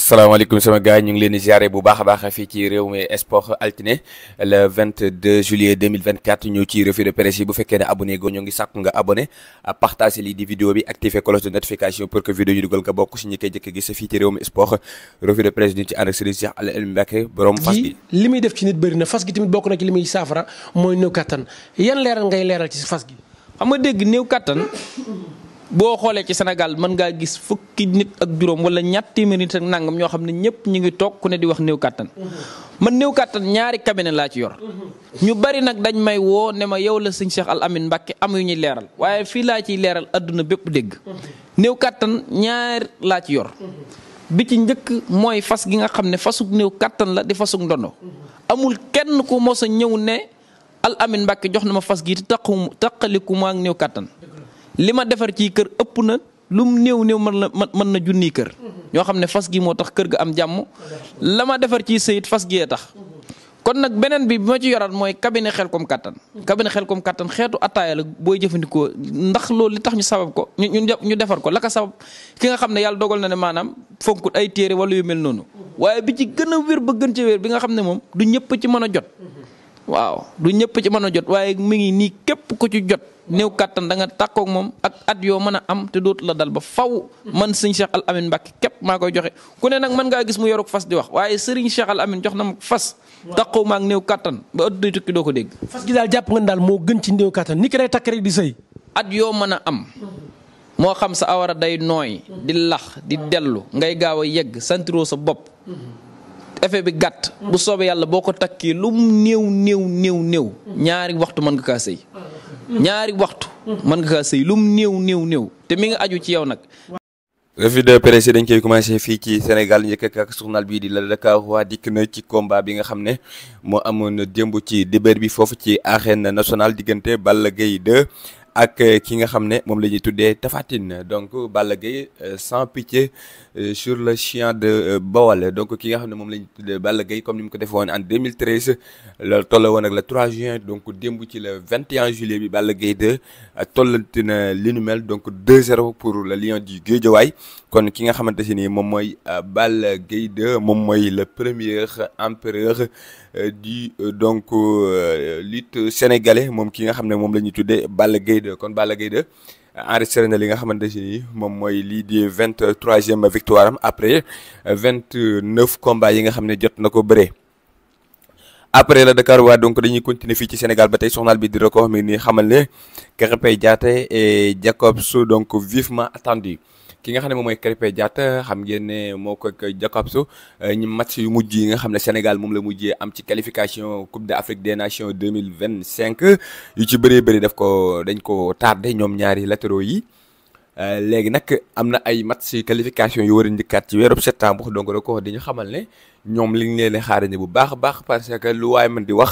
asalaamaaleykum sama gars ñu ngi leen di ziare bu baax baax fii ci Rewmi Sport altine le 22 juillet 2024 ñu ci revue de presse yi bu fekkee ne abonné go ñu ngi sàkku nga abonné partagé lii di vidéo bi activé cloche de notification pour que vidéo yu dugal nga bokk si ñu koy jëkk gis fii ci Rewmi Sport revue de presse di ci ànd ak Serigne Cheikh Aliou Mbacké borom fas gi li def ci nit bëri na fas gi tamit bokk na ci li muy saafara mooy néew kattan yan leeral ngay fas gi xam nga dégg néew kattan boo xoolee ci senegal mën ngaa gis fukki nit ak juróom wala ñatt téeméeri nit ak nangam ñoo xam ne ñëpp ñu ngi toog ku ne di wax néew kàttan mm-hmm. man néew kàttan ñaari cabinet laa ci yor mm-hmm. ñu bari nag dañ may woo ne ma yow la sëñ Cheikh Al Amine Mbacke am yu ñuy leeral waaye fii laa ciy leeral àdduna bépp dégg mm-hmm. néew kàttan ñaar laa ci yor bi ci njëkk mooy fas gi nga xam ne fasug néew kàttan la di fasug ndono amul kenn ku mos a ñëw ne Al Amine jox na ma fas gi te taqaliku ma néew kàttan li ma defar ci kër ëpp na lu mu néew néew mën na mën na junni kër. ñoo xam ne fas gi moo tax kër ga am jàmm. la ma defar ci sëyit fas gee tax. kon nag beneen bi bi ma ci yoraat mooy cabinet Xelcom kattan. xel Xelcom kattan xeetu attaaya la booy jëfandikoo ndax loolu li tax ñu sabab ko ñu ñu defar ko la ko sabab ki nga xam ne yàlla dogal na ne maanaam fonkut ay téere wala yu mel noonu. waaye bi ci gën a wér ba gën ci wér bi nga xam ne moom du ñëpp ci mën a jot. waaw du ñëpp ci mën a jot waaye mi ngi nii képp ku ci jot néew kàttan da nga tàkkoog moom ak at yoo mën a am te dootu la dal ba faw man sëñ Cheikh Al Amine képp maa koy joxe ku ne nag mën ngaa gis mu yoruk fas di wax waaye sëriñ Cheikh Al Amine jox na ma fas tàqoo maag néew kàttan ba ëttuday tukki doo ko dégg fas gi daal jàpp nga daal moo gën ci néew kàttan ni ki day takk rek di sëy at yoo mën a am moo xam sa awara day nooy di lax di dellu ngay gaaw a yegg santiroo sa bopp effet bi gàtt. bu soobee yàlla boo ko takkee lu mu néew néew néew néew. ñaari waxtu mën nga kaa sëy. ñaari waxtu. mën nga kaa sëy lu mu néew néew néew te mi nga aju ci yow nag. revue de presse dañ koy commencé fii ci Sénégal njëkk ak journal bi di la Dakar waa dikk na ci combat bi nga xam ne moo amoon démb ci dibéer bi foofu ci arène nationale diggante Balla Gaye 2. ak euh, ki nga xam ne moom la ñuy tuddee Tapha Tine donc Balla Gaye euh, sans picc euh, sur le chien de Bawal donc ki nga xam ne moom la ñuy tuddee Balla Gaye comme ni mu ko defee woon en 2013 la tolloo woon ak juin donc démb ci le 21 juillet bi Balla Gaye 2 tollante na li donc 2-0 pour le lion du Guédiawaye kon ki nga xamante si ni moom mooy Balla Gaye 2 moom mooy le premier empereur du donc lutte sénégalais moom ki nga xam ne moom la ñuy tuddee Balla Gaye Gueye kon baa Gueye de enregistré na li nga xamante ni moom mooy lii di vingt troisième victoire am après euh, vingt neuf combats yi nga xam ne jot na ko bëree. après la Dakar waa donc dañuy continuer fii ci Sénégal ba tey soxnaal bi di record mi ni xamal ne Krépin Diatta et Jacobs donc vivement attendu ki nga xam ne moom mooy Krépin jaat xam ngeen ne moo ko Jakobs euh, ñi match yu mujj yi nga xam ne Sénégal moom la mujjee am ci qualification Coupe d'Afrique des Nations 2025 yu ci bëree bëri def ko dañ ko tardé ñoom ñaari latéraux yi Euh, léegi nag am na ay match qualification yu war a njëkkaat ci weerub septembre donc record di ñu xamal ne ñoom li ñu leen xaarandi bu baax a baax parce que lu waay mën di wax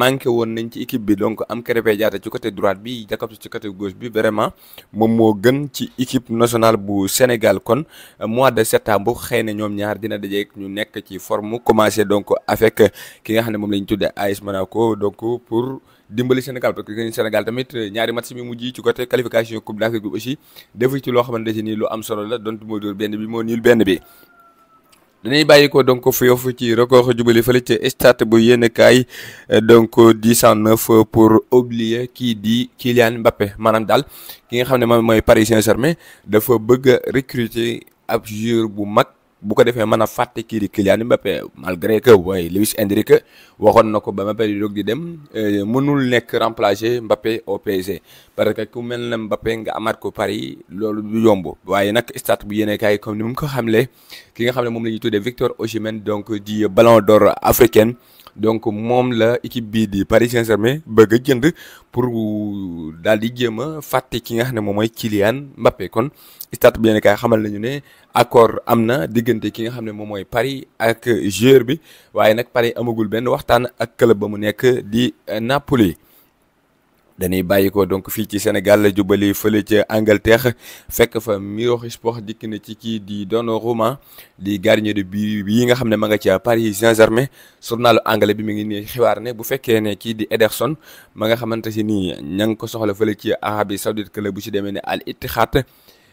manqué woon nañ ci équipe bi donc am Krépin Diatta ci côté droite bi Jakobs ci côté gauche bi vraiment moom moo gën ci équipe nationale bu Sénégal kon mois de septembre xëy na ñoom ñaar dina dajeek ñu nekk ci forme commencé donc avec ki nga xam ne moom la ñu tuddee AS Monaco donc pour. dimbali Sénégal parce Sénégal tamit euh, ñaari match mi mujj ci côté qualification coupe d'Afrique bi aussi defu ci loo xamante ne nii lu am solo la donte moo dóor benn bi moo niil benn bi. dañuy bàyyi ko donc foofu ci record jubali fële ca stade bu yéen kaay euh, donc 109 pour oublier kii di Kylian mbappe maanaam daal ki nga xam ne moom mooy Paris Saint-Germain dafa bëgg a recruter ab joueur bu mag. bu ko defee mën a fàtte kii di Kylian Mbappé malgré que waaye Luis Enrique waxoon na ko ba Mbappé di dog di dem euh, mënul nekk remplacer Mbappé au PSG parce que ku mel ne Mbappé nga amaat ko Paris loolu du yomb waaye nag stade bu yéene kaay comme ni mu ko xamle ki nga xam ne moom la ñuy tuddee Victor Osimhen donc di ballon d'or africaine donc moom la équipe bii di Paris Saint-Germain bëgg a jënd pour daal di jéem a fàtte ki nga xam ne moom mooy Kylian Mbappé kon stade bi kay xamal nañu ne accord am na diggante ki nga xam ne moom mooy Paris ak joueur bi waaye nag Paris amagul benn waxtaan ak club ba mu nekk di Napoli. dañuy bàyyikoo donc fii ci Sénégal la jubali fële ca Angleterre fekk fa Mirosport dikk na ci kii di Donnarumma di gardien bi but bi nga xam ne ma nga ca Paris Saint-Germain journalu anglais bi mi ngi nii xibaar ne bu fekkee ne kii di Ederson ma nga xamante si nii ña ngi ko soxla fële ci Arabie Saoudite club bu ci demee ne Al Ittihad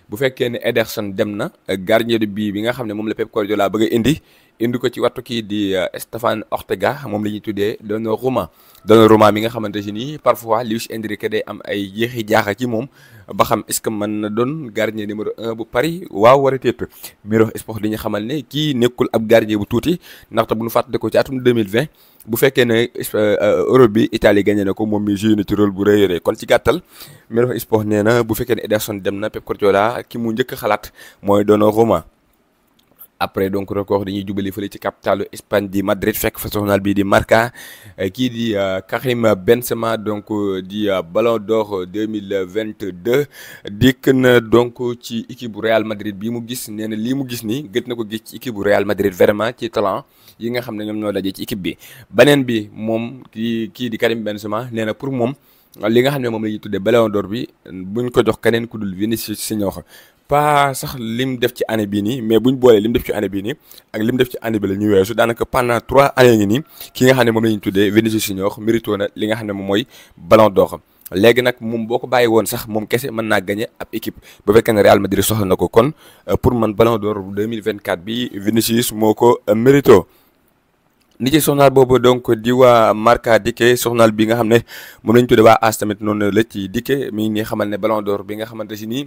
bu fekkee ne Ederson dem na gardien bi but bi nga xam ne moom la Pep Guardiola bëgg a indi. indi ko ci watu kii di euh, Stéphane Ortega moom la ñuy tuddee Donnarumma Donnarumma mi nga xamante si nii parfois Luis Enrique day am ay jeexi jaaxa ci moom ba xam est-ce que mën na doon gardien numéro un bu waaw war a téet Mirror Sport di xamal ne kii nekkul ab gardien bu tuuti ndaxte bu ñu fàttali ko ci atum 2020 bu fekkee ne euh, Europe bi Italie gagné na ko moom mi joué bu rëy kon ci gàttal Mirror Sport nee na bu fekkee ne Ederson dem na Pep Guardiola ki mu njëkk xalaat mooy Donnarumma après donc record dañuy jubali fële ci capitalu Espagne di Madrid fekk fa soxnaal bi di Marca eh, kii di eh, Karim Benzema donc eh, di Ballon d'Or di dikk na donc ci équipe bu Real Madrid bi mu gis nee na lii mu gis ni gën na ko gis ci équipe bu Real Madrid vraiment ci talent yi nga xam ne ñoom ñoo daje ci équipe bi beneen bi moom kii kii di Karim Benzema nee na pour moom li nga xam ne moom la ñuy tuddee Ballon d'Or bi buñ ko jox keneen ku dul Vinicius Junior pas sax lim def ci année bii nii mais buñ boolee lim def ci année bii nii ak lim def ci année bi la ñu weesu daanaka pendant trois années ngi nii ki nga xam ne moom la ñu tuddee Vinicius Junior mérito na li nga xam ne moom mooy Ballon d'Or léegi nag moom boo ko bàyyi woon sax moom kese mën naa gagné ab équipe bu fekkee ne Real Madrid soxla na ko kon euh, pour man Ballon d'Or 2024 bi Vinicius moo ko euh, mérito ni ci journal boobu donc di waa Marca dikkee journal bi nga xam ne moom la ñu tuddee waa AS tamit noonu la ci dikkee mi ngi xamal ne Ballon d'Or bi nga xamante si nii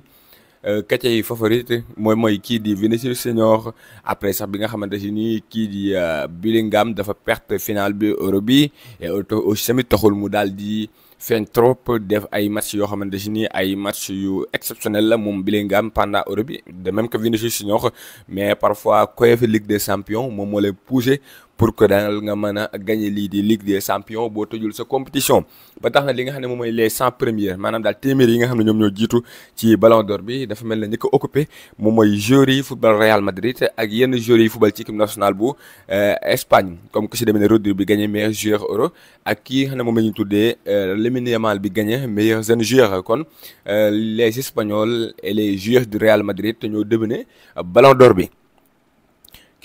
kacce yi favorite mooy mooy kii di Vinicius Senior après sax bi nga xamante si nii kii di euh, Bellingham dafa perte final bi euro bi et aussi tamit taxul mu daal di feeñ trop def ay match yoo xamante si nii ay match yu exceptionnel la moom Bellingham pendant euro bi de même que Vinicius Senior mais parfois CONF Ligue de Champions moom moo lay poussé pour que daal nga mën a gagné lii di Ligue des champions boo tëjul sa compétition ba tax na li nga xam ne moom mooy les cent premières maanaam daal téeméer yi nga xam ne ñoom ñoo jiitu ci ballon d'or bi dafa mel ne ñi ko occupé moom mooy joueurs yi football Real Madrid ak yenn joueurs yi football ci équipe nationale bu euh, Espagne comme ku si demee ne Rodri bi gagné meilleur joueur euro ak kii nga xam ne moom la ñu tuddee euh, Lamine Yamal bi gagné meilleur jeune joueur kon euh, les Espagnols et les joueurs du Real Madrid te ñoo dëbëne ballon d'or bi.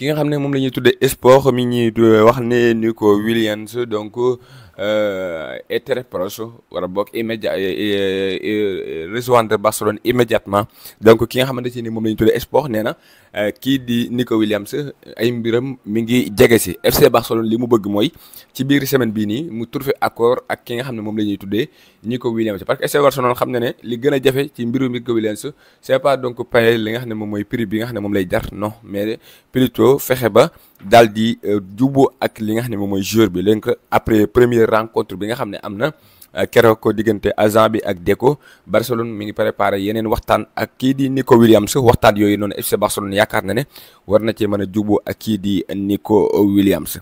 ki nga xam ne moom la ñuy tuddee sport mi tu wax ne ko Williams donc Euh, est très proche wala boog immédiat euh, euh, rejoindre Barcelone immédiatement donc ki nga xamante ni moom la ñu tuddee sport nee na kii di Nico Williams ay mbiram mi ngi jege si FC Barcelone li mu bëgg mooy ci biir semaine bii nii mu trouvé accord ak ki nga xam ne moom la ñuy tuddee Nico Williams parce que FC Barcelone xam na ne li gën a jafe ci mbiru Nico Williams c'est pas donc payer li nga xam ne moom mooy prix bi nga xam ne moom lay jar no mais plutôt fexe ba. daal di euh, juboo ak li nga xam ne moom mooy joueur bi léegi après premier rencontre bi nga xam ne am na euh, keroog ko diggante agent bi ak Deco Barcelone mi ngi préparé yeneen waxtaan ak kii di Nico Williams waxtaan yooyu noonu FC Barcelone yaakaar na ne war na cee mën a juboo ak kii di Nico Williams.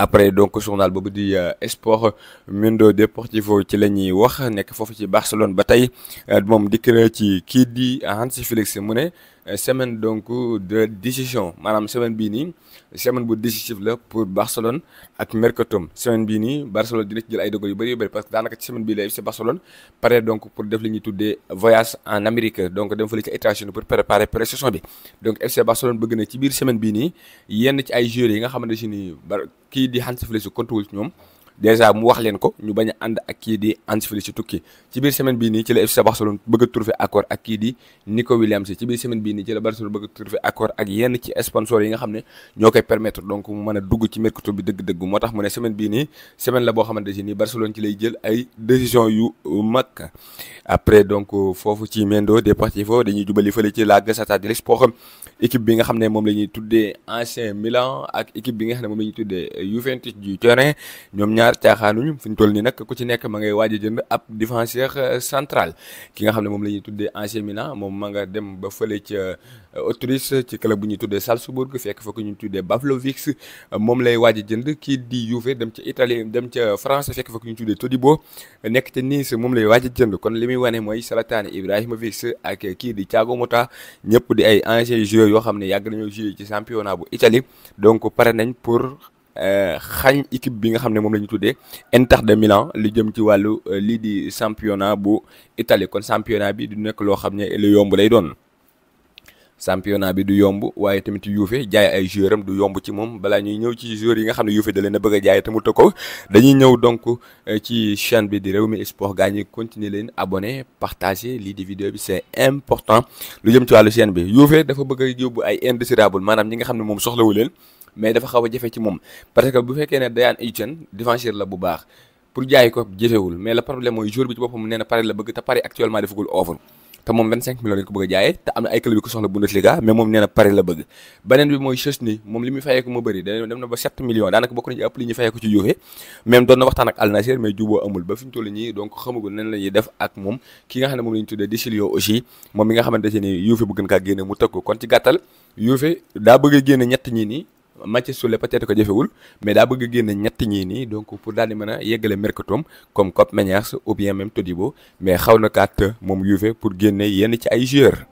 après donc journal boobu di euh, sport Mundo Deportivo ci la ñuy wax nekk foofu ci Barcelone ba tey moom dikk na ci kii di Hansi Flick mu ne. Euh, semaine donc de décision maanaam semaine bii nii semaine bu décisif la pour Barcelone ak Mercatom semaine bii nii Barcelone dina ci jël ay dogal yu bëri yu bëri parce que daanaka ci semaine bii la FC Barcelone pare donc pour def li tuddee voyage en Amérique donc dem fële ci États-Unis pour préparer pré-saison bi donc FC Barcelone bëgg na ci biir semaine bi nii yenn ci ay joueurs yi nga xamante ne nii kii di Hansi Flick su compte ñoom. dèjà mu wax leen ko ñu bañ a ànd ak kii di Ancelotti ci tukki ci biir semaine bii nii ci la FC Barcelone bëgg a trouver accord ak kii di Nico Williams ci biir semaine bii nii ci la Barcelone bëgg a accord ak yenn ci sponsor yi nga xam ne ñoo koy permettre donc mu mën a dugg ci mercato bi dëgg-dëgg moo tax mu ne semaine bii nii semaine la boo xamante si nii Barcelone ci lay jël ay décision yu mag après donc foofu ci Mendo Deportivo dañuy jubali fële ci la Gazzetta dello Sport équipe bi nga xam ne moom la ñuy tuddee ancien Milan ak nga xam ne moom la ñuy tuddee Juventus Dakar caaxaanuñu fi ñu toll nii nag ku nekk ma ngay jënd ab défenseur euh, central ki nga xam ne moom la ñuy tuddee ancien Milan moom ma nga dem ba fële ca euh, Autriche ci club bu ñuy tuddee Salzbourg fekk fa ku ñu tuddee Pavlovic euh, moom lay waaj a jënd kii di Juve dem ca Italie dem ca France fekk fa ku ñuy tuddee Todibo nekk ca Nice moom lay waaj a jënd kon li muy wane mooy Zlatan Ibrahimovic ak kii di Thiago Motta ñëpp di ay anciens joueurs yoo xam ne yàgg nañoo jouer ci championnat bu Italie donc pare xañ équipe bi nga xam ne moom la ñu tuddee Inter de Milan lu jëm ci wàllu euh, lii di championnat bu Italie kon championnat bi du nekk loo xam ne lu yomb lay doon championnat bi du yomb waaye tamit Juve jaay ay joueur du yomb ci moom balaa ñuy ñëw ci joueurs yi nga xam ne Juve da leen a bëgg a jaay te mu ko dañuy ñëw donc euh, ci chaîne bi di Rewmi Sport gaa ñi continuer leen abone partager lii di vidéo bi c'est important lu jëm ci wàllu chaîne bi Juve dafa bëgg a yóbbu ay indésirables maanaam ñi nga xam ne moom soxlawu leen mais dafa xaw a jafe ci moom parce que bu fekkee ne Dayane Ethan défenseur la bu baax pour jaay ko jëfewul mais le problème mooy jour bi ci boppam nee na Paris la bëgg te Paris actuellement defagul offre te a jaayee te am na ay club yu ko soxla Bundesliga mais moom nee na la bëgg beneen bi mooy Szczęsny moom li muy fayee ko mu bëri da dem na ba mais juboo amul nii donc moom ki nga xam ne moom la ñu tuddee Disilio aussi moom mi nga xamante ne Juve bu gën kaa génne mu tëgg Mathieu Soulé peut ko jafewul mais daa bëgg a génne ñetti ñii nii donc pour daal mën a yeggale mercatom comme Cop Meniers ou bien même mais xaw na kaat moom Juve pour génne yenn ci ay joueurs.